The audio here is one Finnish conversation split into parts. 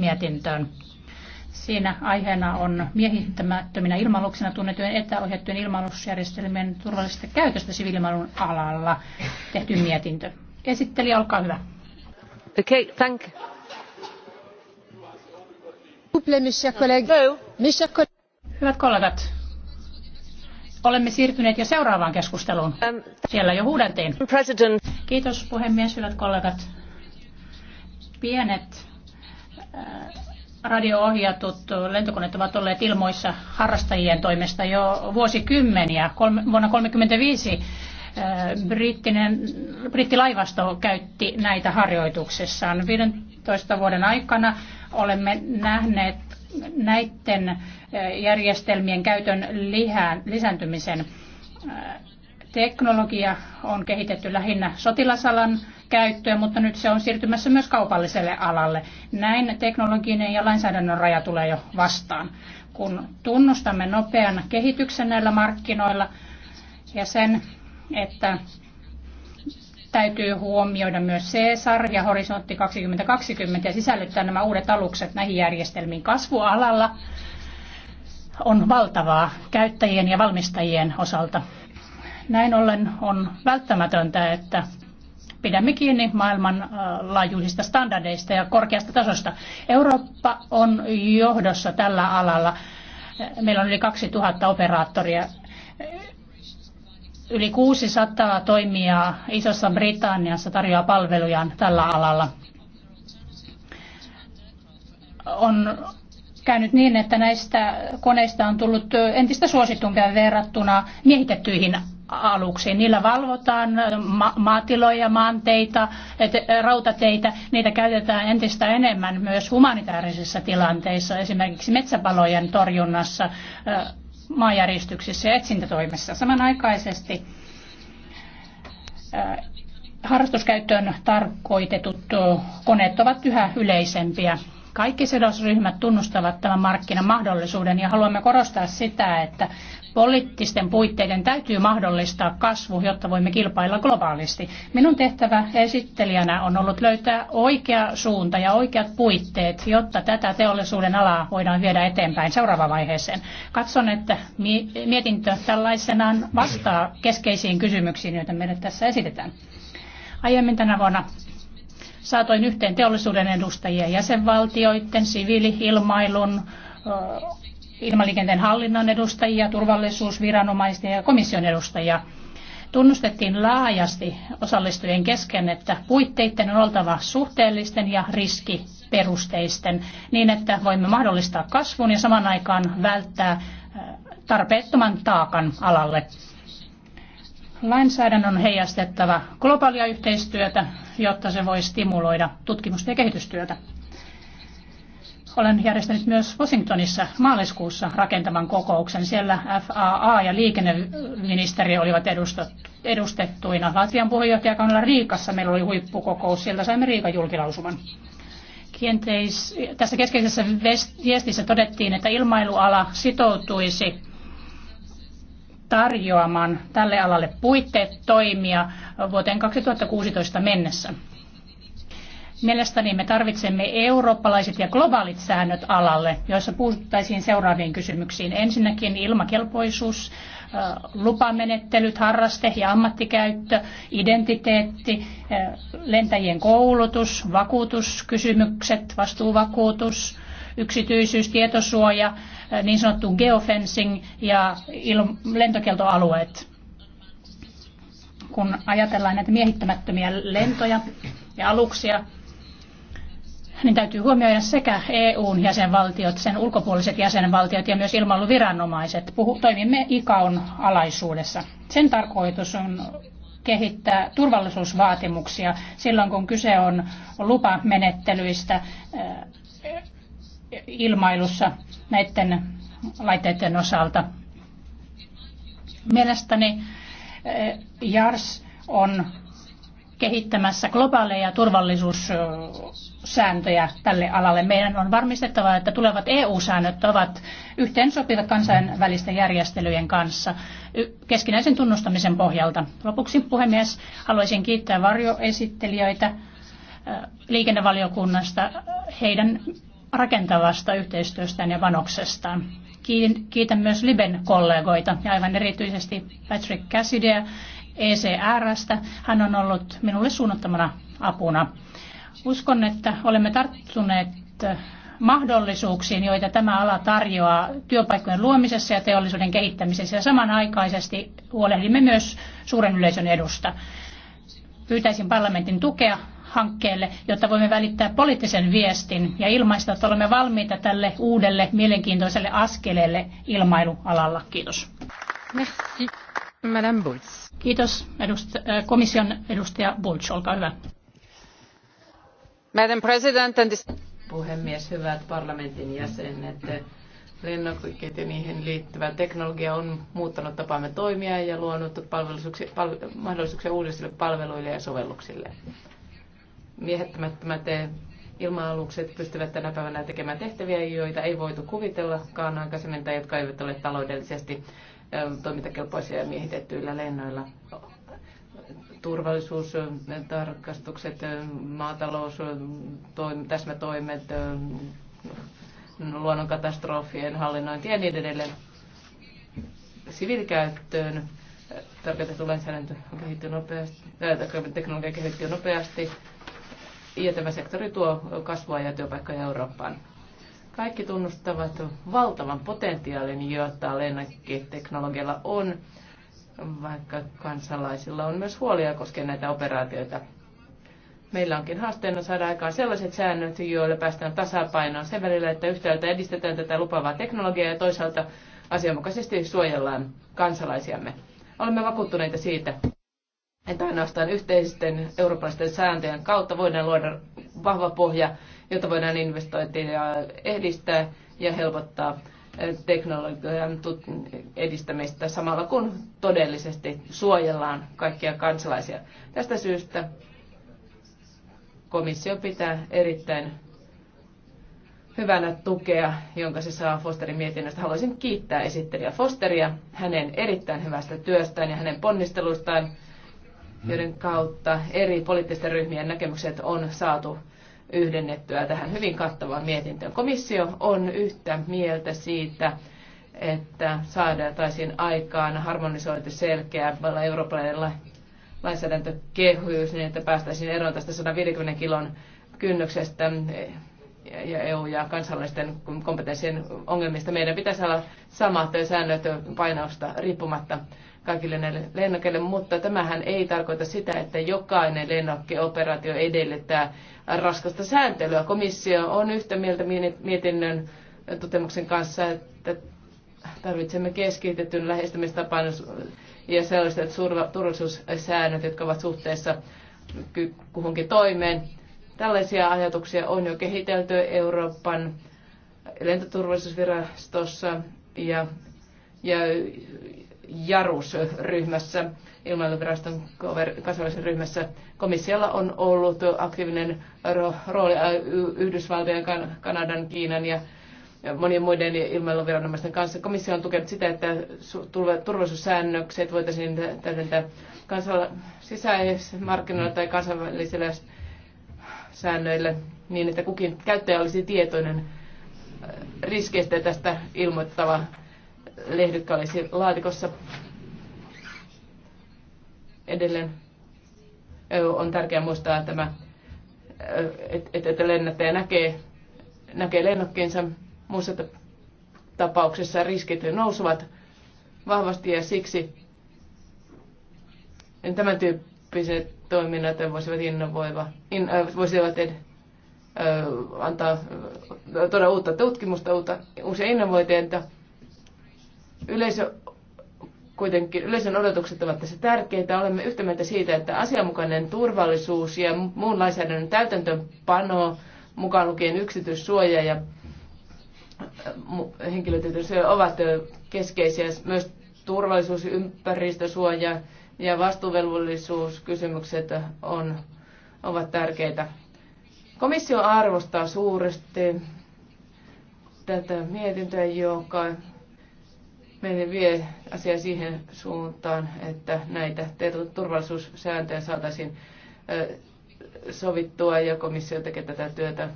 mietintöön. Siinä aiheena on miehittämättöminä ilmaluksina tunnetujen etäohjattujen ilmalusjärjestelmien turvallisesta käytöstä siviilimailun alalla tehty mietintö. Esitteli, olkaa hyvä. Okay, thank Hyvät kollegat, olemme siirtyneet jo seuraavaan keskusteluun. Um, Siellä jo huudeltiin. Kiitos puhemies, hyvät kollegat. Pienet radio-ohjatut lentokoneet ovat olleet ilmoissa harrastajien toimesta jo vuosikymmeniä. Vuonna 1935 brittilaivasto käytti näitä harjoituksessaan. 15 vuoden aikana olemme nähneet näiden järjestelmien käytön lihän, lisääntymisen Teknologia on kehitetty lähinnä sotilasalan käyttöön, mutta nyt se on siirtymässä myös kaupalliselle alalle. Näin teknologinen ja lainsäädännön raja tulee jo vastaan. Kun tunnustamme nopean kehityksen näillä markkinoilla ja sen, että täytyy huomioida myös CESAR ja Horisontti 2020 ja sisällyttää nämä uudet alukset näihin järjestelmiin kasvualalla on valtavaa käyttäjien ja valmistajien osalta. Näin ollen on välttämätöntä, että pidämme kiinni maailmanlaajuisista äh, standardeista ja korkeasta tasosta. Eurooppa on johdossa tällä alalla. Äh, meillä on yli 2000 operaattoria. Yli 600 toimijaa Isossa Britanniassa tarjoaa palvelujaan tällä alalla. On käynyt niin, että näistä koneista on tullut äh, entistä suositumpia verrattuna miehitettyihin aluksiin. Niillä valvotaan ma- maatiloja, maanteita, rautateitä. Niitä käytetään entistä enemmän myös humanitaarisissa tilanteissa, esimerkiksi metsäpalojen torjunnassa, maanjäristyksissä ja etsintätoimissa. Samanaikaisesti harrastuskäyttöön tarkoitetut koneet ovat yhä yleisempiä. Kaikki sidosryhmät tunnustavat tämän markkinan mahdollisuuden ja haluamme korostaa sitä, että Poliittisten puitteiden täytyy mahdollistaa kasvu, jotta voimme kilpailla globaalisti. Minun tehtävä esittelijänä on ollut löytää oikea suunta ja oikeat puitteet, jotta tätä teollisuuden alaa voidaan viedä eteenpäin seuraavaan vaiheeseen. Katson, että mietintö tällaisenaan vastaa keskeisiin kysymyksiin, joita meille tässä esitetään. Aiemmin tänä vuonna saatoin yhteen teollisuuden edustajia jäsenvaltioiden, siviili-ilmailun, ilmaliikenteen hallinnon edustajia, turvallisuusviranomaisten ja komission edustajia. Tunnustettiin laajasti osallistujien kesken, että puitteiden on oltava suhteellisten ja riskiperusteisten niin, että voimme mahdollistaa kasvun ja saman aikaan välttää tarpeettoman taakan alalle. Lainsäädännön on heijastettava globaalia yhteistyötä, jotta se voi stimuloida tutkimusta ja kehitystyötä. Olen järjestänyt myös Washingtonissa maaliskuussa rakentavan kokouksen. Siellä FAA ja liikenneministeri olivat edustettuina. Latvian puheenjohtajakaudella Riikassa meillä oli huippukokous. Sieltä saimme Riikan julkilausuman. Kienteis, tässä keskeisessä viestissä todettiin, että ilmailuala sitoutuisi tarjoamaan tälle alalle puitteet toimia vuoteen 2016 mennessä. Mielestäni me tarvitsemme eurooppalaiset ja globaalit säännöt alalle, joissa puhuttaisiin seuraaviin kysymyksiin. Ensinnäkin ilmakelpoisuus, lupamenettelyt, harraste ja ammattikäyttö, identiteetti, lentäjien koulutus, vakuutuskysymykset, vastuuvakuutus, yksityisyys, tietosuoja, niin sanottu geofencing ja lentokieltoalueet. Kun ajatellaan näitä miehittämättömiä lentoja ja aluksia, niin täytyy huomioida sekä EUn jäsenvaltiot, sen ulkopuoliset jäsenvaltiot ja myös ilmailuviranomaiset. Puhu, toimimme ICAon alaisuudessa. Sen tarkoitus on kehittää turvallisuusvaatimuksia silloin, kun kyse on lupamenettelyistä eh, ilmailussa näiden laitteiden osalta. Mielestäni eh, JARS on kehittämässä globaaleja turvallisuussääntöjä tälle alalle. Meidän on varmistettava, että tulevat EU-säännöt ovat yhteensopivat kansainvälisten järjestelyjen kanssa keskinäisen tunnustamisen pohjalta. Lopuksi puhemies haluaisin kiittää varjoesittelijöitä liikennevaliokunnasta heidän rakentavasta yhteistyöstään ja panoksestaan. Kiitän myös Liben kollegoita ja aivan erityisesti Patrick Cassidyä ECRstä. Hän on ollut minulle suunnattomana apuna. Uskon, että olemme tarttuneet mahdollisuuksiin, joita tämä ala tarjoaa työpaikkojen luomisessa ja teollisuuden kehittämisessä. Ja samanaikaisesti huolehdimme myös suuren yleisön edusta. Pyytäisin parlamentin tukea hankkeelle, jotta voimme välittää poliittisen viestin ja ilmaista, että olemme valmiita tälle uudelle mielenkiintoiselle askeleelle ilmailualalla. Kiitos. Merci. Madame Bulls. Kiitos. Edust- äh, komission edustaja Bulch, olkaa hyvä. Madam President and Puhemies, hyvät parlamentin jäsenet. Lennokit ja niihin liittyvä teknologia on muuttanut tapaamme toimia ja luonut pal- mahdollisuuksia uusille palveluille ja sovelluksille. Miehettämättömät ilma-alukset pystyvät tänä päivänä tekemään tehtäviä, joita ei voitu kuvitellakaan aikaisemmin tai jotka eivät ole taloudellisesti toimintakelpoisia miehitettyillä lennoilla. Turvallisuustarkastukset, maatalous, täsmätoimet, luonnonkatastrofien hallinnointi ja niin edelleen. Siviilikäyttöön tarkoitettu lainsäädäntö kehittyy nopeasti, teknologia kehittyy nopeasti ja tämä sektori tuo kasvua ja työpaikkoja Eurooppaan. Kaikki tunnustavat valtavan potentiaalin, jota lennäketeknologialla on, vaikka kansalaisilla on myös huolia koskien näitä operaatioita. Meillä onkin haasteena saada aikaan sellaiset säännöt, joilla päästään tasapainoon sen välillä, että yhtäältä edistetään tätä lupavaa teknologiaa ja toisaalta asianmukaisesti suojellaan kansalaisiamme. Olemme vakuuttuneita siitä, että ainoastaan yhteisten eurooppalaisten sääntöjen kautta voidaan luoda vahva pohja jotta voidaan investointeja edistää ja helpottaa eh, teknologian edistämistä samalla kun todellisesti suojellaan kaikkia kansalaisia. Tästä syystä komissio pitää erittäin hyvänä tukea, jonka se saa Fosterin mietinnöstä. Haluaisin kiittää esittelijä Fosteria hänen erittäin hyvästä työstään ja hänen ponnisteluistaan, joiden kautta eri poliittisten ryhmien näkemykset on saatu yhdennettyä tähän hyvin kattavaan mietintöön. Komissio on yhtä mieltä siitä, että saadaan aikaan harmonisointi selkeä eurooppalainen lainsäädäntökehys niin, että päästäisiin eroon tästä 150 kilon kynnyksestä eh, ja EU- ja kansallisten kompetenssien ongelmista. Meidän pitäisi olla samat säännöt painausta riippumatta kaikille näille lennokeille, mutta tämähän ei tarkoita sitä, että jokainen lennokkeoperaatio edellyttää raskasta sääntelyä. Komissio on yhtä mieltä mietinnön tutemuksen kanssa, että tarvitsemme keskitetyn lähestymistapan ja sellaiset turvallisuussäännöt, jotka ovat suhteessa kuhunkin toimeen. Tällaisia ajatuksia on jo kehitelty Euroopan lentoturvallisuusvirastossa ja, ja JARUS-ryhmässä, ilmailuviraston kansainvälisessä ryhmässä. Komissiolla on ollut aktiivinen rooli Yhdysvaltojen, Kanadan, Kiinan ja monien muiden ilmailuviranomaisten kanssa. Komissio on tukenut sitä, että turvallisuussäännökset voitaisiin täydentää kansalla sisäismarkkinoilla tai kansainvälisillä säännöillä niin, että kukin käyttäjä olisi tietoinen riskeistä tästä ilmoittava lehdykkä olisi laatikossa. Edelleen on tärkeää muistaa tämä, että et, lennättäjä näkee, näkee lennokkiinsa. Muissa tapauksessa riskit nousevat vahvasti ja siksi tämän tyyppiset toiminnat voisivat innovoiva, in, voisivat ed, antaa todella uutta tutkimusta, uutta, uusia innovointeja, Yleisö kuitenkin yleisön odotukset ovat tässä tärkeitä. Olemme yhtä mieltä siitä, että asianmukainen turvallisuus ja muun lainsäädännön täytäntöönpano, mukaan lukien yksityissuoja ja äh, henkilötietosuoja ovat keskeisiä. Myös turvallisuus, ympäristösuoja ja vastuuvelvollisuuskysymykset on, ovat tärkeitä. Komissio arvostaa suuresti tätä mietintöä, joka meidän vie asia siihen suuntaan, että näitä turvallisuussääntöjä saataisiin sovittua ja komissio tekee tätä työtä.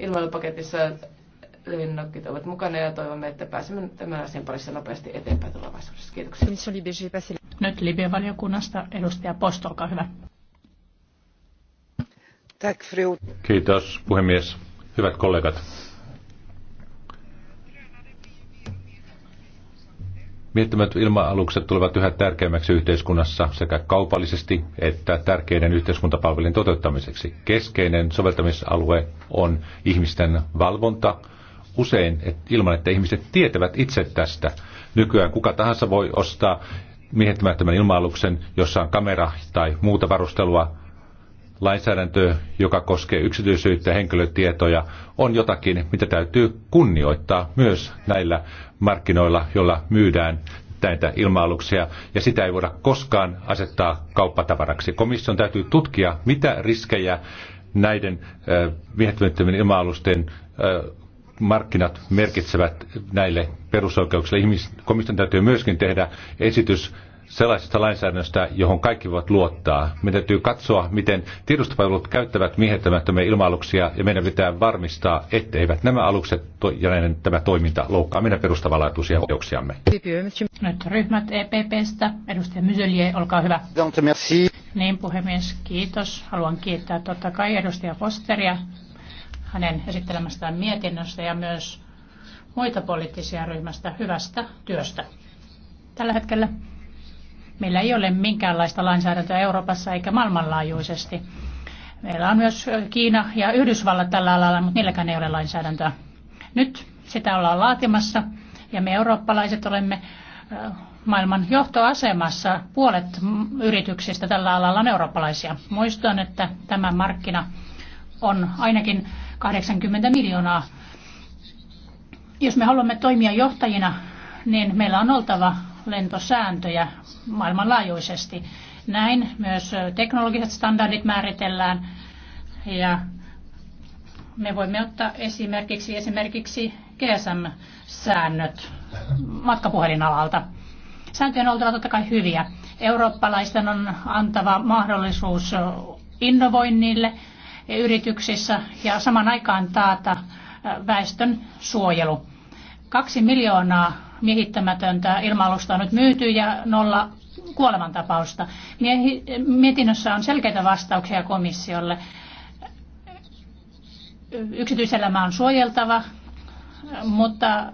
Ilmailupaketissa lennokit ovat mukana ja toivomme, että pääsemme tämän asian parissa nopeasti eteenpäin tulevaisuudessa. Kiitoksia. Nyt Libyan-valiokunnasta edustaja Posto, olkaa hyvä. Kiitos puhemies. Hyvät kollegat. Miettimät ilma-alukset tulevat yhä tärkeämmäksi yhteiskunnassa sekä kaupallisesti että tärkeiden yhteiskuntapalvelujen toteuttamiseksi. Keskeinen soveltamisalue on ihmisten valvonta, usein ilman, että ihmiset tietävät itse tästä. Nykyään kuka tahansa voi ostaa miehittämättömän ilma-aluksen, jossa on kamera tai muuta varustelua, lainsäädäntö, joka koskee yksityisyyttä ja henkilötietoja, on jotakin, mitä täytyy kunnioittaa myös näillä markkinoilla, joilla myydään näitä ilma-aluksia, ja sitä ei voida koskaan asettaa kauppatavaraksi. Komission täytyy tutkia, mitä riskejä näiden äh, viehättömyyttömien ilma-alusten äh, markkinat merkitsevät näille perusoikeuksille. Ihmis- komission täytyy myöskin tehdä esitys sellaisesta lainsäädännöstä, johon kaikki voivat luottaa. Meidän täytyy katsoa, miten tiedustopalvelut käyttävät miehittämättömiä ilma-aluksia, ja meidän pitää varmistaa, etteivät nämä alukset ja näiden, tämä toiminta loukkaa meidän perustavanlaatuisia oikeuksiamme. Nyt ryhmät EPPstä. Edustaja Myselje, olkaa hyvä. Niin, puhemies, kiitos. Haluan kiittää totta kai edustaja Fosteria hänen esittelemästään mietinnöstä ja myös muita poliittisia ryhmästä hyvästä työstä. Tällä hetkellä Meillä ei ole minkäänlaista lainsäädäntöä Euroopassa eikä maailmanlaajuisesti. Meillä on myös Kiina ja Yhdysvallat tällä alalla, mutta niilläkään ei ole lainsäädäntöä. Nyt sitä ollaan laatimassa ja me eurooppalaiset olemme maailman johtoasemassa. Puolet yrityksistä tällä alalla on eurooppalaisia. Muistan, että tämä markkina on ainakin 80 miljoonaa. Jos me haluamme toimia johtajina, niin meillä on oltava lentosääntöjä maailmanlaajuisesti. Näin myös teknologiset standardit määritellään ja me voimme ottaa esimerkiksi, esimerkiksi GSM-säännöt matkapuhelinalalta. Sääntöjen on oltava totta kai hyviä. Eurooppalaisten on antava mahdollisuus innovoinnille yrityksissä ja saman aikaan taata väestön suojelu. Kaksi miljoonaa miehittämätöntä ilma-alusta on nyt myyty ja nolla kuolemantapausta. Miehi, mietinnössä on selkeitä vastauksia komissiolle. Yksityiselämä on suojeltava, mutta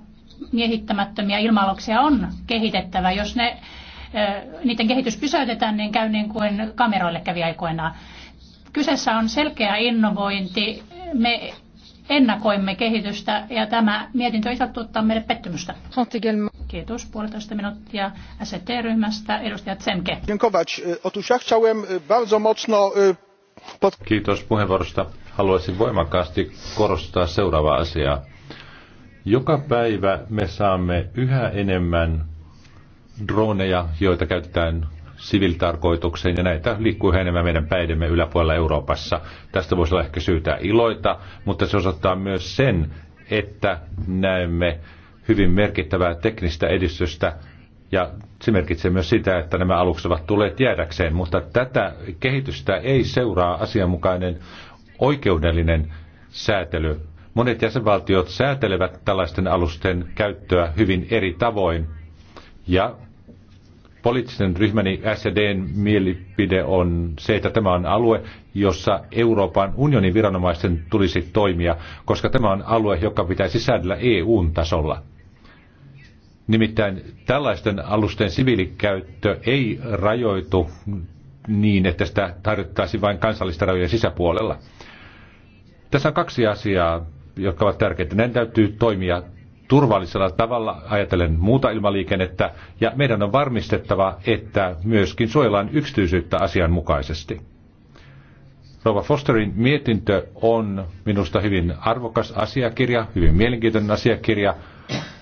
miehittämättömiä ilmaluksia on kehitettävä. Jos ne, niiden kehitys pysäytetään, niin käy niin kuin kameroille kävi aikoinaan. Kyseessä on selkeä innovointi. Me ennakoimme kehitystä ja tämä mietintö ei saa tuottaa meille pettymystä. Kiitos puolitoista minuuttia ST-ryhmästä. Edustaja Tsemke. Kiitos puheenvuorosta. Haluaisin voimakkaasti korostaa seuraavaa asiaa. Joka päivä me saamme yhä enemmän droneja, joita käytetään siviltarkoitukseen ja näitä liikkuu yhä enemmän meidän päidemme yläpuolella Euroopassa. Tästä voisi olla ehkä syytä iloita, mutta se osoittaa myös sen, että näemme hyvin merkittävää teknistä edistystä ja se merkitsee myös sitä, että nämä alukset ovat tulleet jäädäkseen, mutta tätä kehitystä ei seuraa asianmukainen oikeudellinen säätely. Monet jäsenvaltiot säätelevät tällaisten alusten käyttöä hyvin eri tavoin ja Poliittisen ryhmäni SDn mielipide on se, että tämä on alue, jossa Euroopan unionin viranomaisten tulisi toimia, koska tämä on alue, joka pitäisi säädellä EUn tasolla. Nimittäin tällaisten alusten siviilikäyttö ei rajoitu niin, että sitä tarjottaisiin vain kansallista rajojen sisäpuolella. Tässä on kaksi asiaa, jotka ovat tärkeitä. Näin täytyy toimia turvallisella tavalla ajatellen muuta ilmaliikennettä, ja meidän on varmistettava, että myöskin suojellaan yksityisyyttä asianmukaisesti. Rova Fosterin mietintö on minusta hyvin arvokas asiakirja, hyvin mielenkiintoinen asiakirja,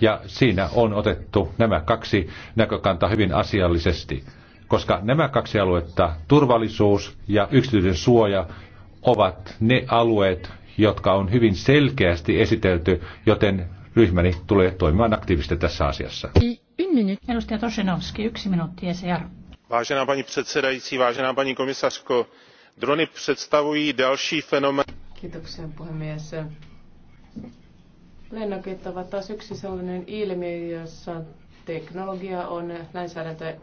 ja siinä on otettu nämä kaksi näkökantaa hyvin asiallisesti, koska nämä kaksi aluetta, turvallisuus ja yksityisen suoja, ovat ne alueet, jotka on hyvin selkeästi esitelty, joten ryhmäni tulee toimimaan aktiivisesti tässä asiassa. Edustaja Tosinovski, yksi minuutti ECR. Vážená paní předsedající, vážená paní komisařko, drony představují další fenomén. Kiitoksia puhemies. Lennokit ovat taas yksi sellainen ilmiö, jossa teknologia on lainsäädäntö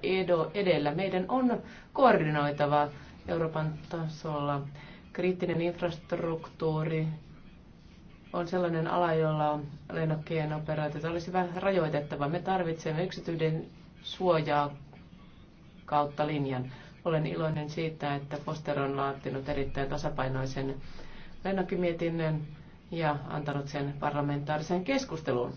edellä. Meidän on koordinoitava Euroopan tasolla kriittinen infrastruktuuri, on sellainen ala, jolla on lennokkien operaatiota olisi vähän rajoitettava. Me tarvitsemme yksityinen suojaa kautta linjan. Olen iloinen siitä, että Foster on laatinut erittäin tasapainoisen lennokkimietinnön ja antanut sen parlamentaariseen keskusteluun.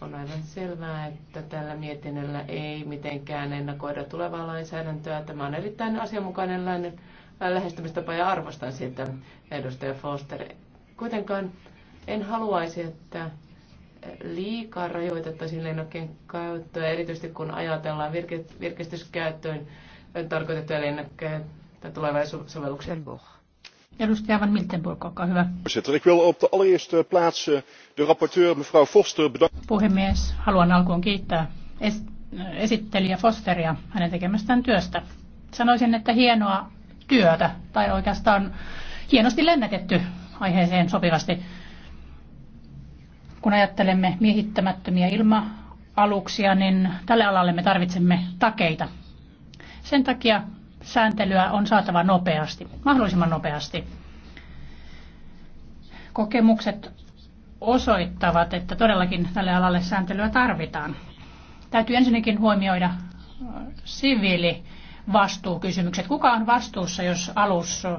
On aivan selvää, että tällä mietinnöllä ei mitenkään ennakoida tulevaa lainsäädäntöä. Tämä on erittäin asianmukainen lähestymistapa ja arvostan sitä edustaja Foster. Kuitenkaan en haluaisi, että liikaa rajoitettaisiin lennokkien käyttöä, erityisesti kun ajatellaan virkistyskäyttöön tarkoitettuja lennokkeja tai tulevaisuussovelluksia. Edustaja Van Miltenburg, olkaa hyvä. Ik wil op de allereerste plaats eh, de rapporteur mevrouw Foster Puhemies, haluan alkuun kiittää esittelijä Fosteria hänen tekemästään työstä. Sanoisin, että hienoa työtä, tai oikeastaan hienosti lennätetty aiheeseen sopivasti kun ajattelemme miehittämättömiä ilma-aluksia, niin tälle alalle me tarvitsemme takeita. Sen takia sääntelyä on saatava nopeasti, mahdollisimman nopeasti. Kokemukset osoittavat, että todellakin tälle alalle sääntelyä tarvitaan. Täytyy ensinnäkin huomioida äh, siviili vastuukysymykset. Kuka on vastuussa, jos alus äh,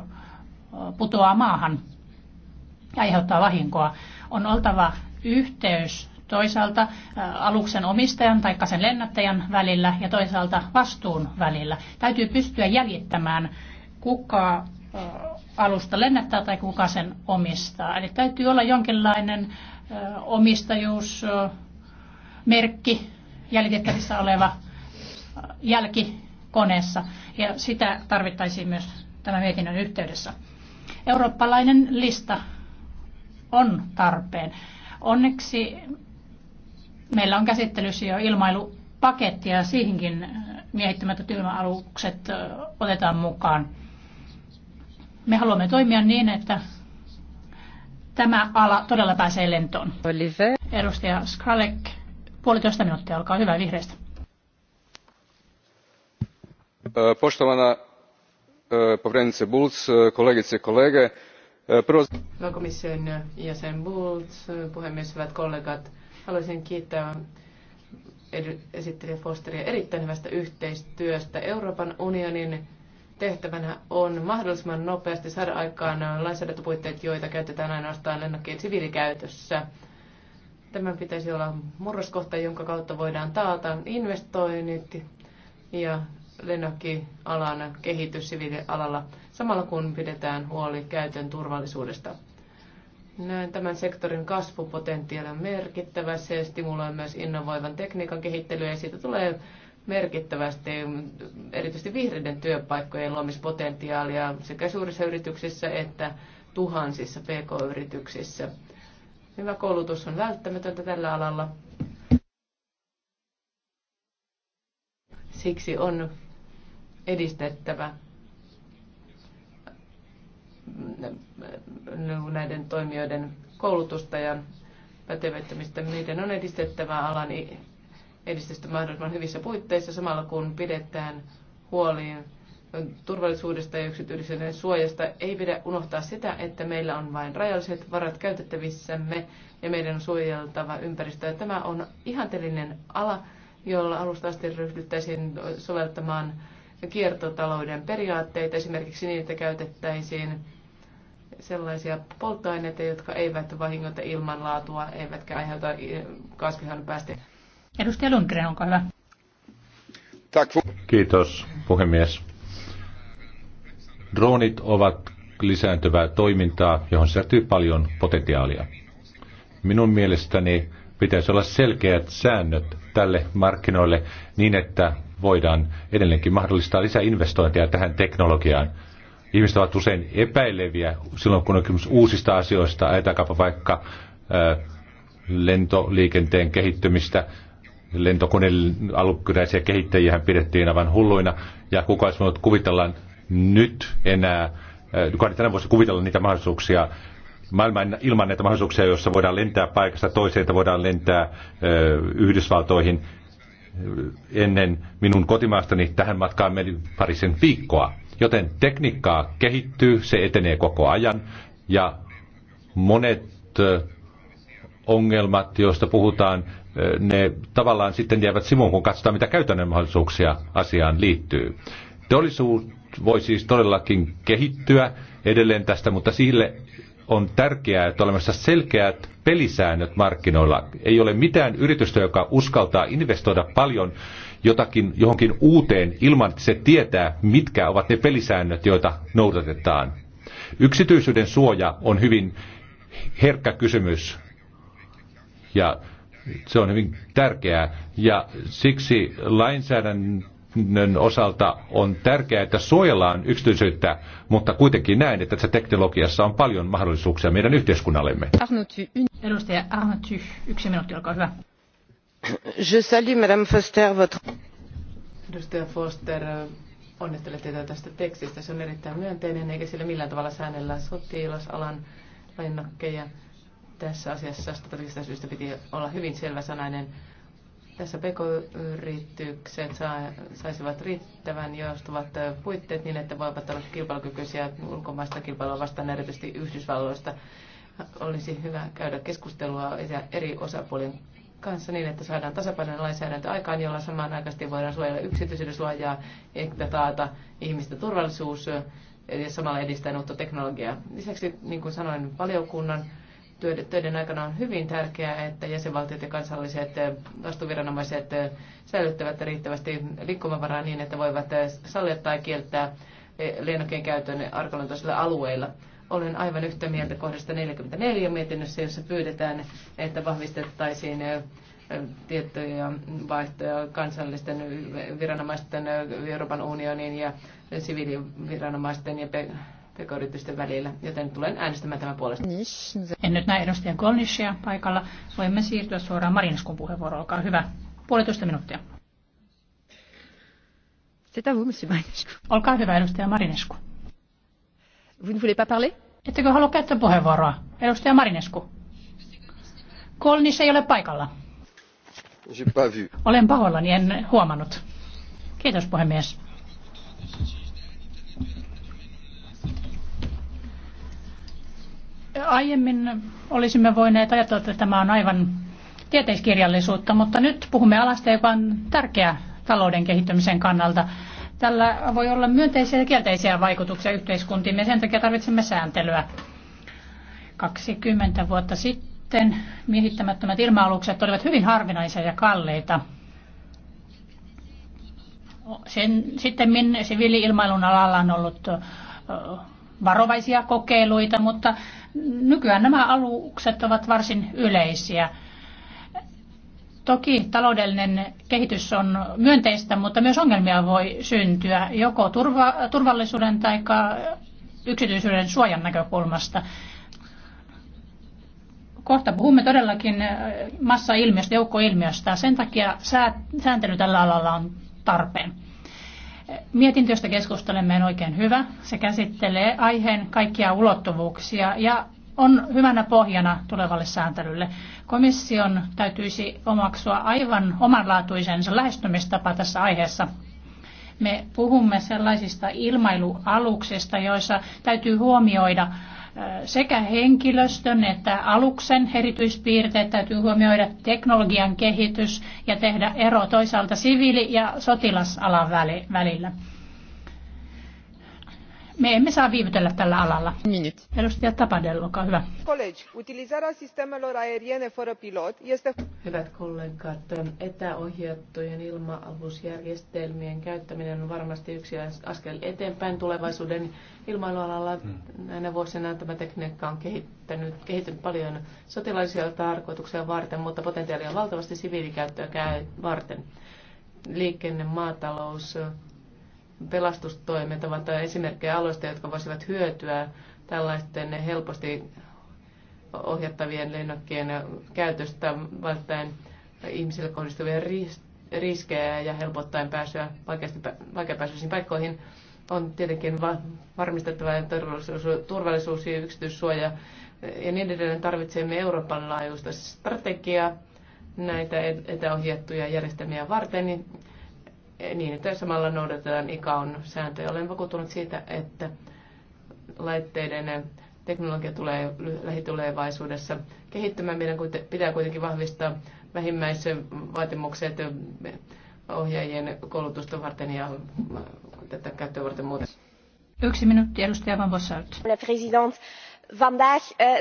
putoaa maahan ja aiheuttaa vahinkoa? On oltava yhteys toisaalta aluksen omistajan tai sen lennättäjän välillä ja toisaalta vastuun välillä. Täytyy pystyä jäljittämään, kuka alusta lennättää tai kuka sen omistaa. Eli täytyy olla jonkinlainen omistajuusmerkki, jäljitettävissä oleva jälki koneessa. Ja sitä tarvittaisiin myös tämän mietinnön yhteydessä. Eurooppalainen lista on tarpeen Onneksi meillä on käsittelyssä jo ilmailupaketti ja siihenkin äh, miehittämättömät ilma-alukset äh, otetaan mukaan. Me haluamme toimia niin, että tämä ala todella pääsee lentoon. Oliver. Edustaja Skralek, puolitoista minuuttia, olkaa hyvä vihreistä. Poštovana eh, povrednice Bulc, eh, kolegice i kolege, Hyvä komission jäsen Bulls, puhemies, hyvät kollegat. Haluaisin kiittää esittelijä Fosteria erittäin hyvästä yhteistyöstä. Euroopan unionin tehtävänä on mahdollisimman nopeasti saada aikaan lainsäädäntöpuitteet, joita käytetään ainoastaan lennokkien siviilikäytössä. Tämän pitäisi olla murroskohta, jonka kautta voidaan taata investoinnit ja lennokkialan kehitys siviilialalla samalla kun pidetään huoli käytön turvallisuudesta. Näen tämän sektorin on merkittävä. Se stimuloi myös innovoivan tekniikan kehittelyä ja siitä tulee merkittävästi erityisesti vihreiden työpaikkojen luomispotentiaalia sekä suurissa yrityksissä että tuhansissa pk-yrityksissä. Hyvä koulutus on välttämätöntä tällä alalla. Siksi on edistettävä näiden toimijoiden koulutusta ja pätevöittämistä. Meidän on edistettävä alan edistystä mahdollisimman hyvissä puitteissa samalla kun pidetään huoliin turvallisuudesta ja yksityisyyden suojasta ei pidä unohtaa sitä, että meillä on vain rajalliset varat käytettävissämme ja meidän on suojeltava ympäristöä. Tämä on ihanteellinen ala, jolla alusta asti ryhdyttäisiin soveltamaan kiertotalouden periaatteita, esimerkiksi niin, että käytettäisiin sellaisia polttoaineita, jotka eivät vahingoita ilmanlaatua, eivätkä aiheuta eh, kasvihuonepäästöjä. Edustaja Lundgren, onko hyvä? Kiitos, puhemies. Droonit ovat lisääntyvää toimintaa, johon sisältyy paljon potentiaalia. Minun mielestäni pitäisi olla selkeät säännöt tälle markkinoille niin, että voidaan edelleenkin mahdollistaa lisää investointeja tähän teknologiaan. Ihmiset ovat usein epäileviä silloin, kun on kysymys uusista asioista. Ajatakaapa vaikka ö, lentoliikenteen kehittymistä. Lentokoneen alukkyräisiä kehittäjiä pidettiin aivan hulluina. Ja kuka olisi voinut kuvitella nyt enää, kukaan tänä voisi kuvitella niitä mahdollisuuksia, Maailma ilman näitä mahdollisuuksia, joissa voidaan lentää paikasta toiseen, että voidaan lentää ö, Yhdysvaltoihin ennen minun kotimaastani tähän matkaan meni parisen viikkoa. Joten tekniikkaa kehittyy, se etenee koko ajan ja monet ongelmat, joista puhutaan, ne tavallaan sitten jäävät sivuun, kun katsotaan, mitä käytännön mahdollisuuksia asiaan liittyy. Teollisuus voi siis todellakin kehittyä edelleen tästä, mutta sille on tärkeää, että olemassa selkeät pelisäännöt markkinoilla. Ei ole mitään yritystä, joka uskaltaa investoida paljon jotakin, johonkin uuteen ilman, että se tietää, mitkä ovat ne pelisäännöt, joita noudatetaan. Yksityisyyden suoja on hyvin herkkä kysymys ja se on hyvin tärkeää ja siksi lainsäädäntö osalta on tärkeää, että suojellaan yksityisyyttä, mutta kuitenkin näen, että tässä teknologiassa on paljon mahdollisuuksia meidän yhteiskunnallemme. Edustaja Arnoty, yksi minuutti, olkaa hyvä. Je salue, Madame Foster, votre... Edustaja Foster, onnittelen teitä tästä tekstistä. Se on erittäin myönteinen, eikä sillä millään tavalla säännellä sotilasalan lennokkeja. Tässä asiassa strategisesta syystä piti olla hyvin selväsanainen. sanainen tässä pk-yritykset saisivat riittävän joustavat puitteet niin, että voivat olla kilpailukykyisiä ulkomaista kilpailua vastaan, erityisesti Yhdysvalloista. Olisi hyvä käydä keskustelua eri osapuolien kanssa niin, että saadaan tasapainoinen lainsäädäntö aikaan, jolla samanaikaisesti voidaan suojella yksityisyyden suojaa ja taata ihmisten turvallisuus ja samalla edistää uutta teknologiaa. Lisäksi, niin kuin sanoin, valiokunnan töiden aikana on hyvin tärkeää, että jäsenvaltiot ja kansalliset eh, vastuviranomaiset eh, säilyttävät riittävästi liikkumavaraa niin, että voivat eh, sallia tai kieltää lennokien käytön arkaluontoisilla alueilla. Olen aivan yhtä mieltä kohdasta 44 mietinnössä, jossa pyydetään, että vahvistettaisiin tietoja vaihtoja kansallisten viranomaisten, Euroopan unionin ja siviiliviranomaisten ja pk-yritysten välillä, joten tulen äänestämään tämän puolesta. En nyt näe edustaja Golnishia paikalla. Voimme siirtyä suoraan Marinskun puheenvuoroon. Olkaa hyvä. Puolitoista minuuttia. C'est à vous, monsieur Marinescu. Olkaa hyvä, edustaja Marinescu. Vous ne voulez pas parler? Ettekö halua käyttää puheenvuoroa? Edustaja Marinescu. Kolnis ei ole paikalla. Olen pahoillani, en huomannut. Kiitos puhemies. Aiemmin olisimme voineet ajatella, että tämä on aivan tieteiskirjallisuutta, mutta nyt puhumme alasta, joka on tärkeä talouden kehittymisen kannalta. Tällä voi olla myönteisiä ja kielteisiä vaikutuksia yhteiskuntiin ja sen takia tarvitsemme sääntelyä. 20 vuotta sitten miehittämättömät ilma-alukset olivat hyvin harvinaisia ja kalliita. Sen, sitten siviili-ilmailun alalla on ollut varovaisia kokeiluita, mutta Nykyään nämä alukset ovat varsin yleisiä. Toki taloudellinen kehitys on myönteistä, mutta myös ongelmia voi syntyä joko turva, turvallisuuden tai yksityisyyden suojan näkökulmasta. Kohta puhumme todellakin massa ilmiöstä, joukkoilmiöstä. Sen takia sääntely tällä alalla on tarpeen. Mietintöstä keskustelemme, on oikein hyvä. Se käsittelee aiheen kaikkia ulottuvuuksia ja on hyvänä pohjana tulevalle sääntelylle. Komission täytyisi omaksua aivan omanlaatuisensa lähestymistapa tässä aiheessa. Me puhumme sellaisista ilmailualuksista, joissa täytyy huomioida sekä henkilöstön että aluksen erityispiirteet täytyy huomioida teknologian kehitys ja tehdä ero toisaalta siviili- ja sotilasalan välillä. Me emme saa viivytellä tällä alalla. Minut. Edustaja Tapadel, olkaa hyvä. Collegi, utilizarea sistemelor aeriene fără pilot este... Hyvät kollegat, etäohjattujen ilma-alusjärjestelmien käyttäminen on varmasti yksi askel eteenpäin tulevaisuuden ilmailualalla. Mm. Näinä vuosina tämä tekniikka on kehittänyt, kehittynyt paljon sotilaisia tarkoituksia varten, mutta potentiaalia on valtavasti siviilikäyttöä käy, varten. Liikenne, maatalous, pelastustoimet ovat esimerkkejä aloista, jotka voisivat hyötyä tällaisten helposti ohjattavien lennokkien käytöstä välttäen ihmisille kohdistuvia riskejä ja helpottaen pääsyä vaikeapääsyisiin paikkoihin. On tietenkin va- varmistettava turvallisuus, turvallisuus ja yksityissuoja ja niin edelleen. Tarvitsemme Euroopan laajuista strategiaa näitä etäohjattuja järjestelmiä varten, niin niin, että samalla noudatetaan ikaon sääntöjä. Olen vakuuttunut siitä, että laitteiden teknologia tulee lähitulevaisuudessa kehittymään. Meidän pitää kuitenkin vahvistaa vähimmäisvaatimukset ohjaajien koulutusta varten ja äh, tätä käyttöä varten muuten. Yksi minuutti, edustaja Van Bossart. Euh,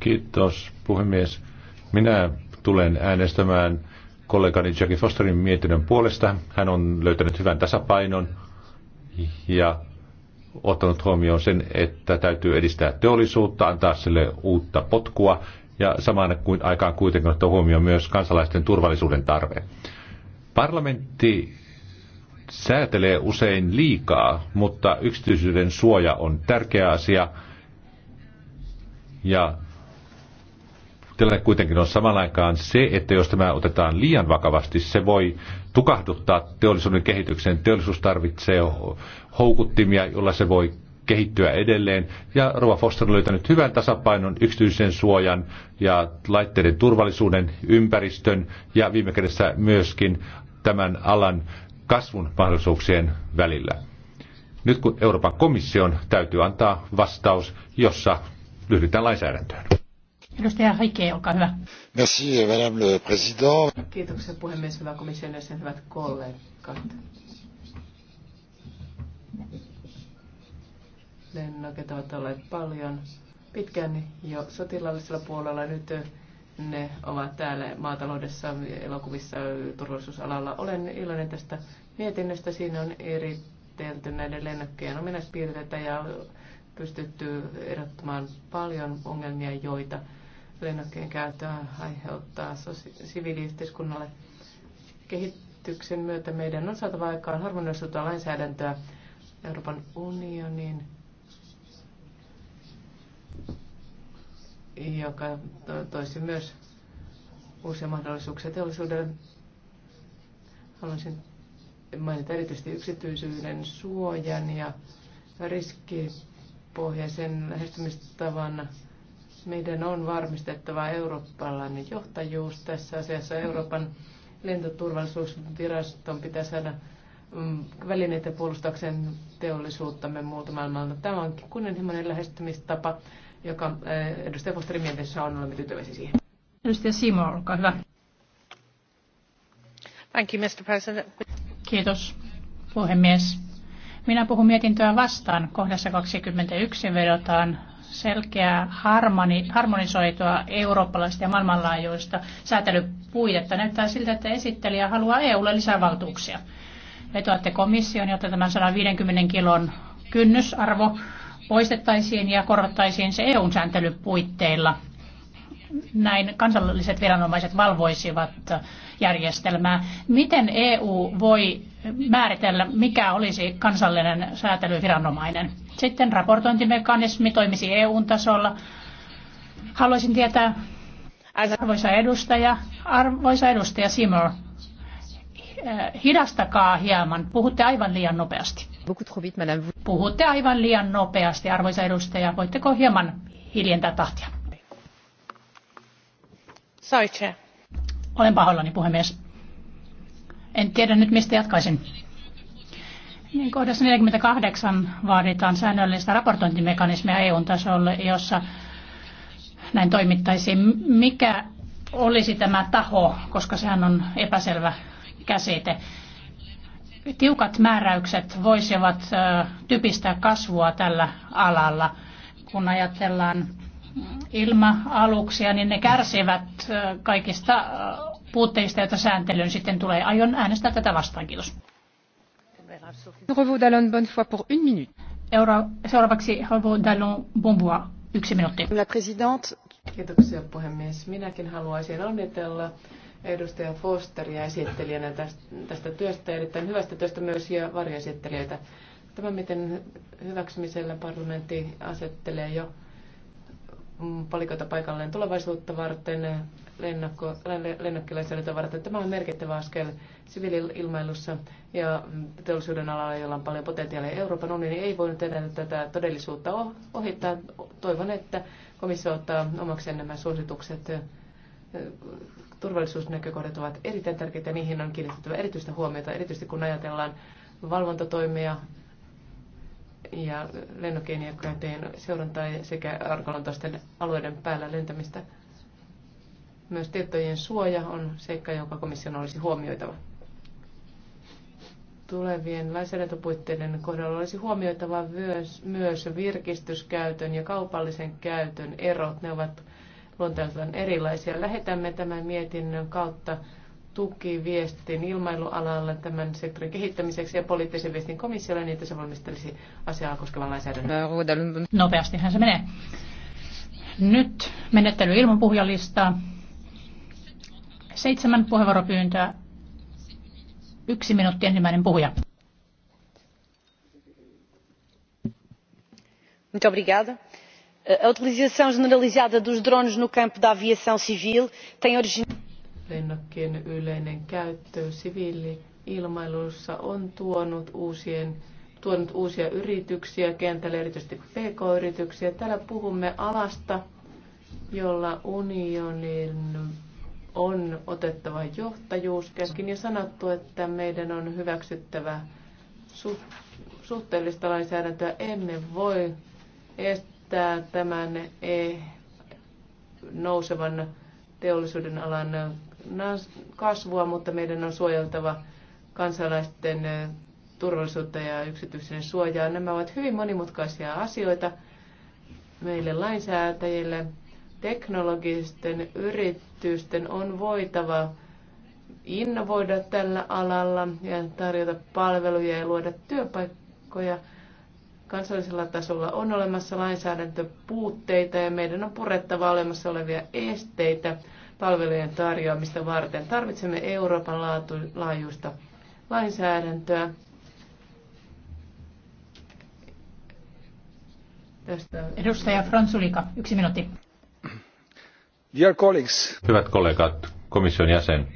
Kiitos, puhemies. Minä tulen äänestämään kollegani Jackie Fosterin mietinnön puolesta. Hän on löytänyt hyvän tasapainon ja ottanut huomioon sen, että täytyy edistää teollisuutta, antaa sille uutta potkua ja samaan aikaan kuitenkin ottaa huomioon myös kansalaisten turvallisuuden tarve. Parlamentti säätelee usein liikaa, mutta yksityisyyden suoja on tärkeä asia ja tilanne kuitenkin on samaan aikaan se, että jos tämä otetaan liian vakavasti, se voi tukahduttaa teollisuuden kehityksen. Teollisuus tarvitsee houkuttimia, jolla se voi kehittyä edelleen. Ja Rova Foster on löytänyt hyvän tasapainon yksityisen suojan ja laitteiden turvallisuuden, ympäristön ja viime kädessä myöskin tämän alan kasvun mahdollisuuksien välillä. Nyt kun Euroopan komission täytyy antaa vastaus, jossa ryhdytään lainsäädäntöön. Edustaja Rike, olkaa hyvä. Merci, madame le président. Kiitoksia puhemies, hyvä komission sen hyvät kollegat. Lennoket ovat olleet paljon pitkään jo sotilaallisella puolella. Nyt ne ovat täällä maataloudessa, elokuvissa, turvallisuusalalla. Olen iloinen tästä mietinnöstä. Siinä on eritelty näiden lennokkien ominaispiirteitä ja pystytty erottamaan paljon ongelmia, joita lennokkien käyttöä aiheuttaa siviiliyhteiskunnalle. Kehityksen myötä meidän on saatava aikaan harmonisoitua lainsäädäntöä Euroopan unionin, joka toisi myös uusia mahdollisuuksia teollisuudelle. Haluaisin mainita erityisesti yksityisyyden suojan ja riskipohjaisen lähestymistavan meidän on varmistettava eurooppalainen johtajuus tässä asiassa. Euroopan lentoturvallisuusviraston pitää saada mm, välineiden puolustuksen teollisuuttamme muuta maailmalta. Tämä on kunnianhimoinen lähestymistapa, joka eh, edustaja Fosterin mielessä on, olemme tyytyväisiä siihen. Edustaja Simo, olkaa hyvä. Thank you, Mr. President. Kiitos, puhemies. Minä puhun mietintöä vastaan. Kohdassa 21 vedotaan selkeää harmoni, harmonisoitua eurooppalaista ja maailmanlaajuista säätelypuidetta. Näyttää siltä, että esittelijä haluaa EUlle lisää valtuuksia. Vetoatte komission, jotta tämä 150 kilon kynnysarvo poistettaisiin ja korvattaisiin se EUn sääntelypuitteilla. Näin kansalliset viranomaiset valvoisivat järjestelmää. Miten EU voi määritellä, mikä olisi kansallinen säätelyviranomainen. Sitten raportointimekanismi toimisi EU-tasolla. Haluaisin tietää, arvoisa edustaja, arvoisa edustaja Simo, eh, hidastakaa hieman. Puhutte aivan liian nopeasti. Puhutte aivan liian nopeasti, arvoisa edustaja. Voitteko hieman hiljentää tahtia? Olen pahoillani, puhemies. En tiedä nyt mistä jatkaisin. Niin kohdassa 48 vaaditaan säännöllistä raportointimekanismia eu tasolle, jossa näin toimittaisiin. Mikä olisi tämä taho, koska sehän on epäselvä käsite. Tiukat määräykset voisivat typistää kasvua tällä alalla. Kun ajatellaan ilma-aluksia, niin ne kärsivät kaikista puutteista, joita sääntelyyn sitten tulee. Aion äänestää tätä vastaan. Kiitos. seuraavaksi Revo Dallon Bonvoa, yksi minuutti. Kiitoksia puhemies. Minäkin haluaisin onnitella edustaja Fosteria esittelijänä tästä, tästä työstä, erittäin hyvästä työstä myös ja varjoesittelijöitä. Tämä, miten hyväksymisellä parlamentti asettelee jo Mm, palikoita paikalleen tulevaisuutta varten, lennokko, lennokkilaisuudelta varten. Tämä on merkittävä askel siviililmailussa ja teollisuuden alalla, jolla on paljon potentiaalia. Euroopan unioni ei voinut tehdä tätä todellisuutta ohittaa. Toivon, että komissio ottaa omakseen nämä suositukset. Turvallisuusnäkökohdat ovat erittäin tärkeitä ja niihin on kiinnitettävä erityistä huomiota, erityisesti kun ajatellaan valvontatoimia ja lennokkieniakkaiden seurantaa sekä arkaluontoisten alueiden päällä lentämistä. Myös tietojen suoja on seikka, joka komission olisi huomioitava. Tulevien lainsäädäntöpuitteiden kohdalla olisi huomioitava myös, myös virkistyskäytön ja kaupallisen käytön erot. Ne ovat luonteeltaan erilaisia. Lähetämme tämän mietinnön kautta tukiviestin ilmailualalla tämän sektorin kehittämiseksi ja poliittisen viestin komissiolle niin, että se valmistelisi asiaa koskevan lainsäädännön. Nopeastihan se menee. Nyt menettely ilman puhujalistaa. Seitsemän puheenvuoropyyntöä. Yksi minuutti ensimmäinen puhuja. Muito obrigada a utilização generalizada dos drones no campo da aviação civil tem originado lennokkien yleinen käyttö ilmailussa on tuonut, uusien, tuonut uusia yrityksiä kentälle, erityisesti pk-yrityksiä. Täällä puhumme alasta, jolla unionin on otettava johtajuus käskin ja sanottu, että meidän on hyväksyttävä suhteellista lainsäädäntöä. Emme voi estää tämän e-, nousevan teollisuuden alan kasvua, mutta meidän on suojeltava kansalaisten turvallisuutta ja yksityisen suojaa. Nämä ovat hyvin monimutkaisia asioita meille lainsäätäjille. Teknologisten yritysten on voitava innovoida tällä alalla ja tarjota palveluja ja luoda työpaikkoja. Kansallisella tasolla on olemassa lainsäädäntöpuutteita ja meidän on purettava olemassa olevia esteitä palvelujen tarjoamista varten. Tarvitsemme Euroopan laatu, laajuista lainsäädäntöä. Tästä... Edustaja Fransulika, yksi minuutti. Dear colleagues. Hyvät kollegat, komission jäsen.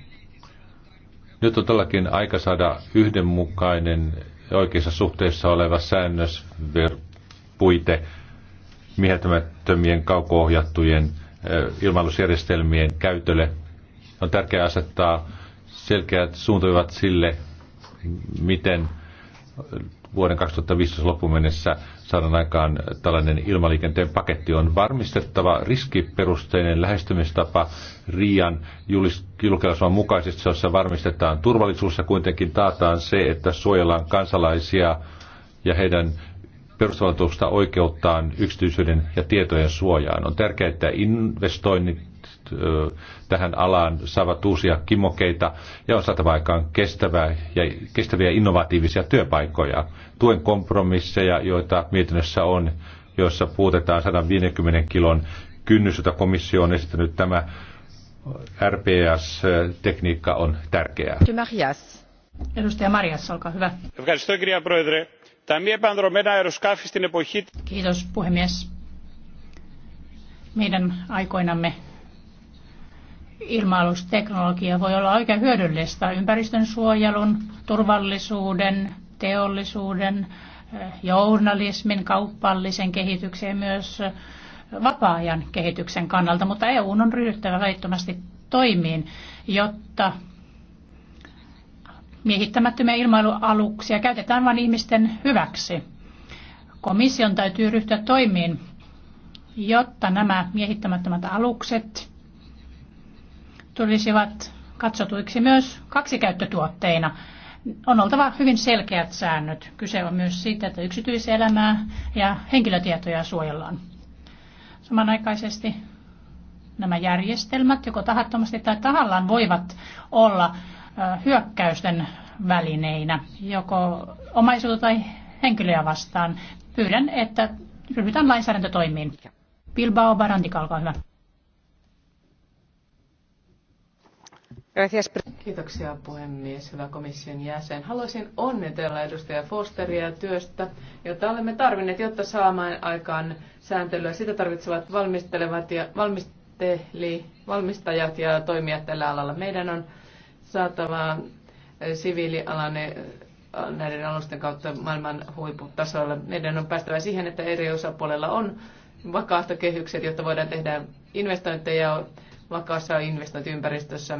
Nyt on todellakin aika saada yhdenmukainen oikeassa suhteessa oleva puite, miehittämättömien kauko-ohjattujen ilmailusjärjestelmien käytölle. On tärkeää asettaa selkeät suuntavivat sille, miten vuoden 2015 loppuun mennessä saadaan aikaan tällainen ilmaliikenteen paketti. On varmistettava riskiperusteinen lähestymistapa Riian julkilausuman mukaisesti, jossa varmistetaan turvallisuus ja kuitenkin taataan se, että suojellaan kansalaisia ja heidän perustavatusta oikeuttaan yksityisyyden ja tietojen suojaan. On tärkeää, että investoinnit tähän alaan saavat uusia kimokeita ja on saatava aikaan kestävää ja kestäviä innovatiivisia työpaikkoja. Tuen kompromisseja, joita mietinnössä on, joissa puutetaan 150 kilon kynnys, jota komissio on esittänyt tämä RPS-tekniikka on tärkeää. Edustaja Marias, olkaa hyvä. Τα μη επανδρομένα αεροσκάφη στην εποχή... Kiitos puhemies. Meidän aikoinamme ilmailusteknologia voi olla oikein hyödyllistä ympäristön suojelun, turvallisuuden, teollisuuden, eh, journalismin, kaupallisen kehityksen ja myös eh, vapaa-ajan kehityksen kannalta, mutta EU on ryhdyttävä välittömästi toimiin, jotta miehittämättömiä ilmailualuksia käytetään vain ihmisten hyväksi. Komission täytyy ryhtyä toimiin, jotta nämä miehittämättömät alukset tulisivat katsotuiksi myös kaksikäyttötuotteina. On oltava hyvin selkeät säännöt. Kyse on myös siitä, että yksityiselämää ja henkilötietoja suojellaan. Samanaikaisesti nämä järjestelmät joko tahattomasti tai tahallaan voivat olla hyökkäysten välineinä, joko omaisuutta tai henkilöä vastaan. Pyydän, että ryhdytään lainsäädäntötoimiin. Bilbao Barantika, olkaa hyvä. Kiitoksia puhemies, hyvä komission jäsen. Haluaisin onnitella edustaja Fosteria työstä, jota olemme tarvinneet, jotta saamaan aikaan sääntelyä. Sitä tarvitsevat valmistelevat ja valmisteli, valmistajat ja toimijat tällä alalla. Meidän on saatava siviilialan näiden alusten kautta maailman huipputasolla. Meidän on päästävä siihen, että eri osapuolella on vakaasta kehykset, jotta voidaan tehdä investointeja vakaassa investointiympäristössä.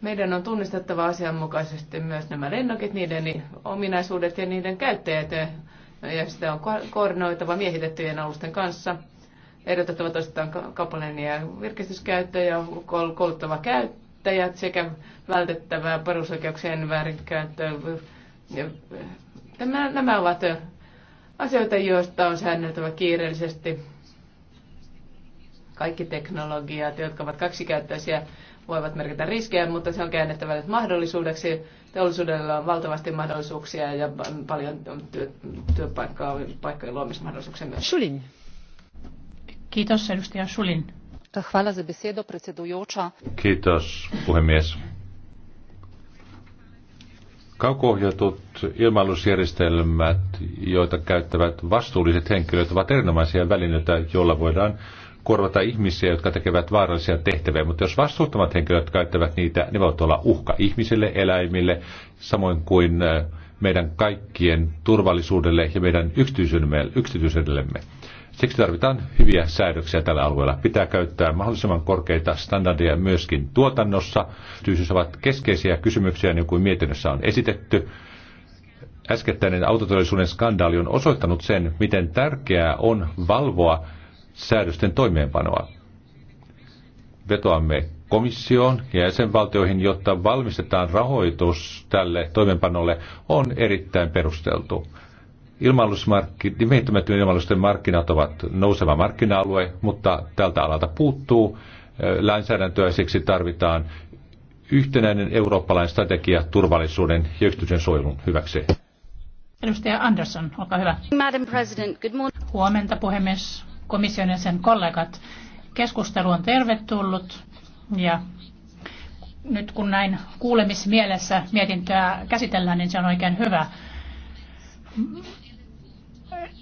Meidän on tunnistettava asianmukaisesti myös nämä lennokit, niiden ominaisuudet ja niiden käyttäjät, ja sitä on koordinoitava miehitettyjen alusten kanssa. Ehdotettava toistetaan kaupallinen ja virkistyskäyttö ja kouluttava käyttö yrittäjät sekä vältettävää perusoikeuksien väärinkäyttöä. Tämä, nämä ovat asioita, joista on säänneltävä kiireellisesti. Kaikki teknologiat, jotka ovat kaksikäyttöisiä, voivat merkitä riskejä, mutta se on käännettävä nyt mahdollisuudeksi. Teollisuudella on valtavasti mahdollisuuksia ja paljon työ, työpaikkojen paikkojen luomismahdollisuuksia myös. Sulin. Kiitos, edustaja Sulin. Kiitos, puhemies. Kauko-ohjatut ilmailusjärjestelmät, joita käyttävät vastuulliset henkilöt, ovat erinomaisia välineitä, joilla voidaan korvata ihmisiä, jotka tekevät vaarallisia tehtäviä. Mutta jos vastuuttomat henkilöt käyttävät niitä, ne voivat olla uhka ihmisille, eläimille, samoin kuin äh, meidän kaikkien turvallisuudelle ja meidän yksityisyydellemme. Siksi tarvitaan hyviä säädöksiä tällä alueella. Pitää käyttää mahdollisimman korkeita standardeja myöskin tuotannossa. Tyysyys ovat keskeisiä kysymyksiä, niin kuin mietinnössä on esitetty. Äskettäinen autotodellisuuden skandaali on osoittanut sen, miten tärkeää on valvoa säädösten toimeenpanoa. Vetoamme komissioon ja jäsenvaltioihin, jotta valmistetaan rahoitus tälle toimeenpanolle on erittäin perusteltu ilmailusmarkkinat, miehittämättömien ilmailusten markkinat ovat nouseva markkina-alue, mutta tältä alalta puuttuu lainsäädäntöä siksi tarvitaan yhtenäinen eurooppalainen strategia turvallisuuden ja yksityisen suojelun hyväksi. Edustaja Andersson, olkaa hyvä. Madam President, good morning. Huomenta puhemies, komission ja sen kollegat. Keskustelu on tervetullut ja nyt kun näin kuulemismielessä mietintöä käsitellään, niin se on oikein hyvä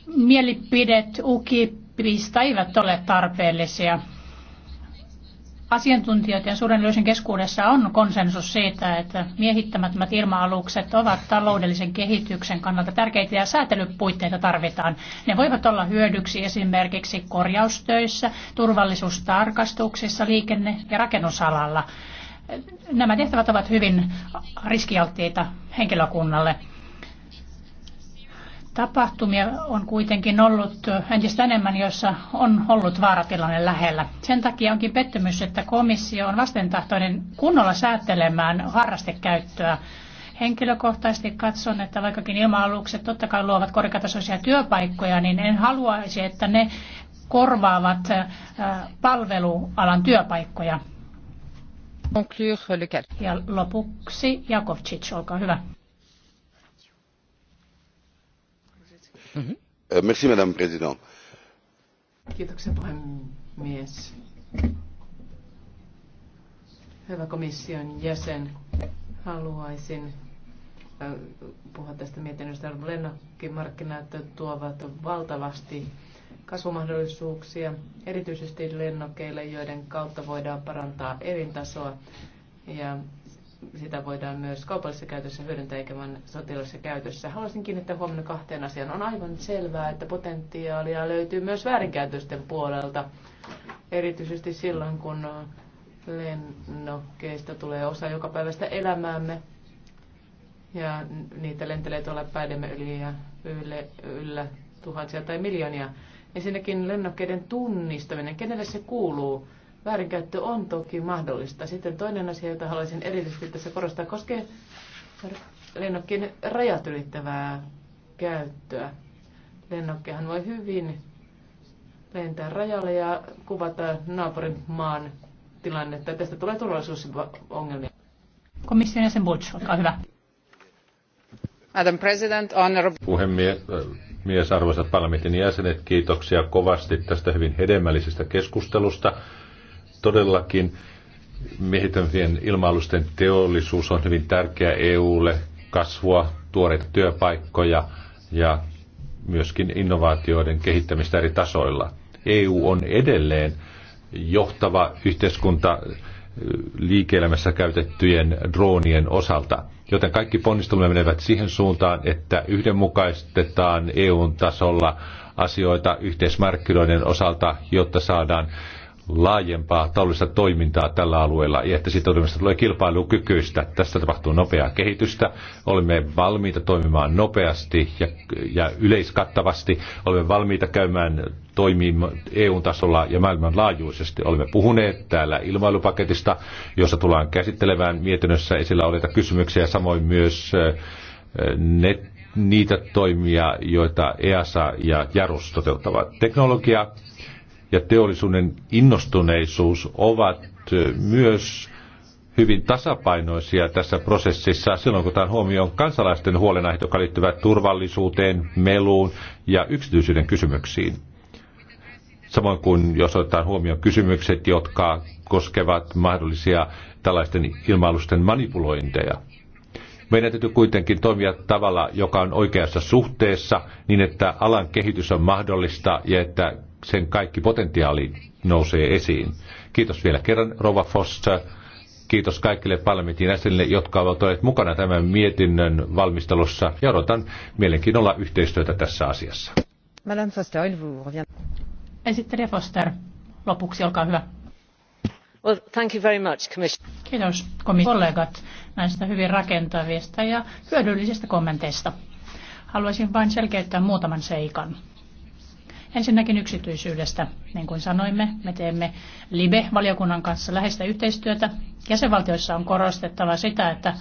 Mielipidet UKIPista eivät ole tarpeellisia. Asiantuntijoiden suuren yleisön keskuudessa on konsensus siitä, että miehittämättömät ilma-alukset ovat taloudellisen kehityksen kannalta tärkeitä ja säätelypuitteita tarvitaan. Ne voivat olla hyödyksi esimerkiksi korjaustöissä, turvallisuustarkastuksissa, liikenne- ja rakennusalalla. Nämä tehtävät ovat hyvin riskialttiita henkilökunnalle. Tapahtumia on kuitenkin ollut entistä enemmän, joissa on ollut vaaratilanne lähellä. Sen takia onkin pettymys, että komissio on vastentahtoinen kunnolla säätelemään harrastekäyttöä. Henkilökohtaisesti katson, että vaikkakin ilma-alukset totta kai luovat korkeatasoisia työpaikkoja, niin en haluaisi, että ne korvaavat äh, palvelualan työpaikkoja. Ja lopuksi Jakovčić, olkaa hyvä. Euh, arvoisa puhemies. Hyvä komission jäsen, haluaisin äh, puhua tästä mietinnöstä. Lennokkimarkkinat tuovat valtavasti kasvumahdollisuuksia, erityisesti lennokeille, joiden kautta voidaan parantaa elintasoa ja sitä voidaan myös kaupallisessa käytössä hyödyntää eikä vain sotilaisessa käytössä. Haluaisin kiinnittää huomioon kahteen asiaan. On aivan selvää, että potentiaalia löytyy myös väärinkäytösten puolelta, erityisesti silloin, kun lennokkeista tulee osa joka päivästä elämäämme ja niitä lentelee tuolla päidemme yli ja ylle, yllä tuhansia tai miljoonia. Ensinnäkin lennokkeiden tunnistaminen, kenelle se kuuluu? väärinkäyttö on toki mahdollista. Sitten toinen asia, jota haluaisin erityisesti tässä korostaa, koskee lennokkien rajat ylittävää käyttöä. Lennokkehan voi hyvin lentää rajalle ja kuvata naapurin maan tilannetta. Tästä tulee turvallisuusongelmia. Komission jäsen Butch, olkaa hyvä. Madam President, honorable... Puhemies, mies, arvoisat parlamentin jäsenet, kiitoksia kovasti tästä hyvin hedelmällisestä keskustelusta. Todellakin miehittävien ilmailusten teollisuus on hyvin tärkeä EUlle, kasvua, tuoreita työpaikkoja ja myöskin innovaatioiden kehittämistä eri tasoilla. EU on edelleen johtava yhteiskunta liike-elämässä käytettyjen droonien osalta. Joten kaikki ponnistelumme menevät siihen suuntaan, että yhdenmukaistetaan EUn tasolla asioita yhteismarkkinoiden osalta, jotta saadaan laajempaa taloudellista toimintaa tällä alueella ja että siitä tulee kilpailukykyistä. Tästä tapahtuu nopeaa kehitystä. Olemme valmiita toimimaan nopeasti ja, ja yleiskattavasti. Olemme valmiita käymään toimiin EU-tasolla ja maailmanlaajuisesti. Olemme puhuneet täällä ilmailupaketista, jossa tullaan käsittelemään mietinnössä esillä olevia kysymyksiä, samoin myös net, niitä toimia, joita EASA ja JARUS toteuttavat. Teknologia ja teollisuuden innostuneisuus ovat myös hyvin tasapainoisia tässä prosessissa silloin, kun otetaan huomioon kansalaisten huolenaiheet, jotka liittyvät turvallisuuteen, meluun ja yksityisyyden kysymyksiin. Samoin kuin jos otetaan huomioon kysymykset, jotka koskevat mahdollisia tällaisten ilmailusten manipulointeja. Meidän täytyy kuitenkin toimia tavalla, joka on oikeassa suhteessa, niin että alan kehitys on mahdollista ja että sen kaikki potentiaali nousee esiin. Kiitos vielä kerran, Rova Fossa. Kiitos kaikille parlamentin jäsenille, jotka ovat olleet mukana tämän mietinnön valmistelussa ja odotan mielenkiinnolla yhteistyötä tässä asiassa. Madame Foster, Esittelijä Foster, lopuksi olkaa hyvä. Well, thank you very much, Kiitos kollegat näistä hyvin rakentavista ja hyödyllisistä kommenteista. Haluaisin vain selkeyttää muutaman seikan. Ensinnäkin yksityisyydestä. Niin kuin sanoimme, me teemme LIBE-valiokunnan kanssa läheistä yhteistyötä. Jäsenvaltioissa on korostettava sitä, että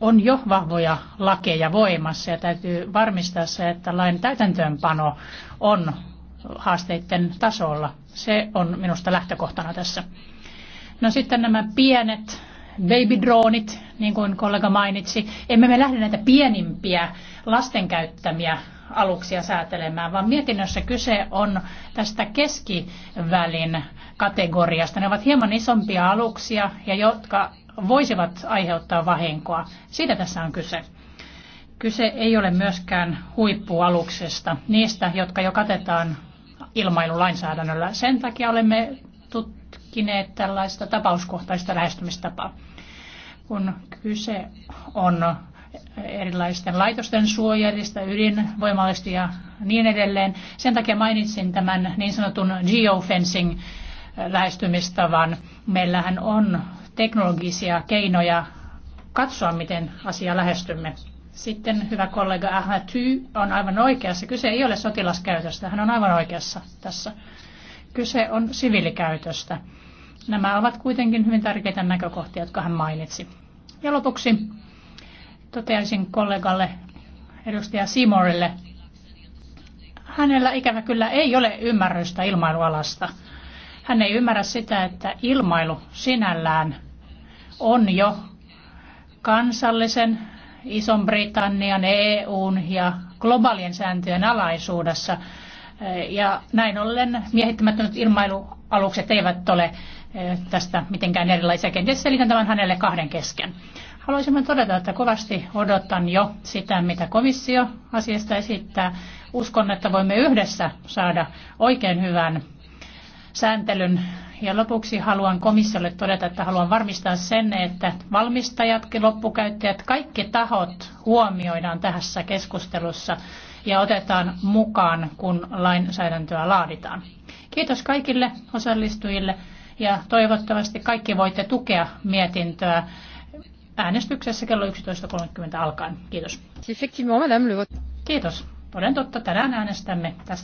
on jo vahvoja lakeja voimassa ja täytyy varmistaa se, että lain täytäntöönpano on haasteiden tasolla. Se on minusta lähtökohtana tässä. No sitten nämä pienet babydroonit, niin kuin kollega mainitsi. Emme me lähde näitä pienimpiä lasten käyttämiä aluksia säätelemään, vaan mietinnössä kyse on tästä keskivälin kategoriasta. Ne ovat hieman isompia aluksia ja jotka voisivat aiheuttaa vahinkoa. Siitä tässä on kyse. Kyse ei ole myöskään huippualuksesta, niistä, jotka jo katetaan ilmailulainsäädännöllä. Sen takia olemme tutkineet tällaista tapauskohtaista lähestymistapaa. Kun kyse on erilaisten laitosten suojelista, ydinvoimallista ja niin edelleen. Sen takia mainitsin tämän niin sanotun geofencing äh, lähestymistavan. Meillähän on teknologisia keinoja katsoa, miten asia lähestymme. Sitten hyvä kollega Ahmaty on aivan oikeassa. Kyse ei ole sotilaskäytöstä, hän on aivan oikeassa tässä. Kyse on siviilikäytöstä. Nämä ovat kuitenkin hyvin tärkeitä näkökohtia, jotka hän mainitsi. Ja lopuksi Toteaisin kollegalle edustaja Simorille. Hänellä ikävä kyllä ei ole ymmärrystä ilmailualasta. Hän ei ymmärrä sitä, että ilmailu sinällään on jo kansallisen Ison-Britannian, EUn ja globaalien sääntöjen alaisuudessa. Ja näin ollen miehittämättömät ilmailualukset eivät ole eh, tästä mitenkään erilaisia. Kenties selitän tämän hänelle kahden kesken. Haluaisimme todeta, että kovasti odotan jo sitä, mitä komissio asiasta esittää. Uskon, että voimme yhdessä saada oikein hyvän sääntelyn. Ja lopuksi haluan komissiolle todeta, että haluan varmistaa sen, että valmistajatkin loppukäyttäjät, kaikki tahot huomioidaan tässä keskustelussa ja otetaan mukaan, kun lainsäädäntöä laaditaan. Kiitos kaikille osallistujille ja toivottavasti kaikki voitte tukea mietintöä äänestyksessä kello 11.30 alkaen. Kiitos. Kiitos. Toden totta, tänään äänestämme tästä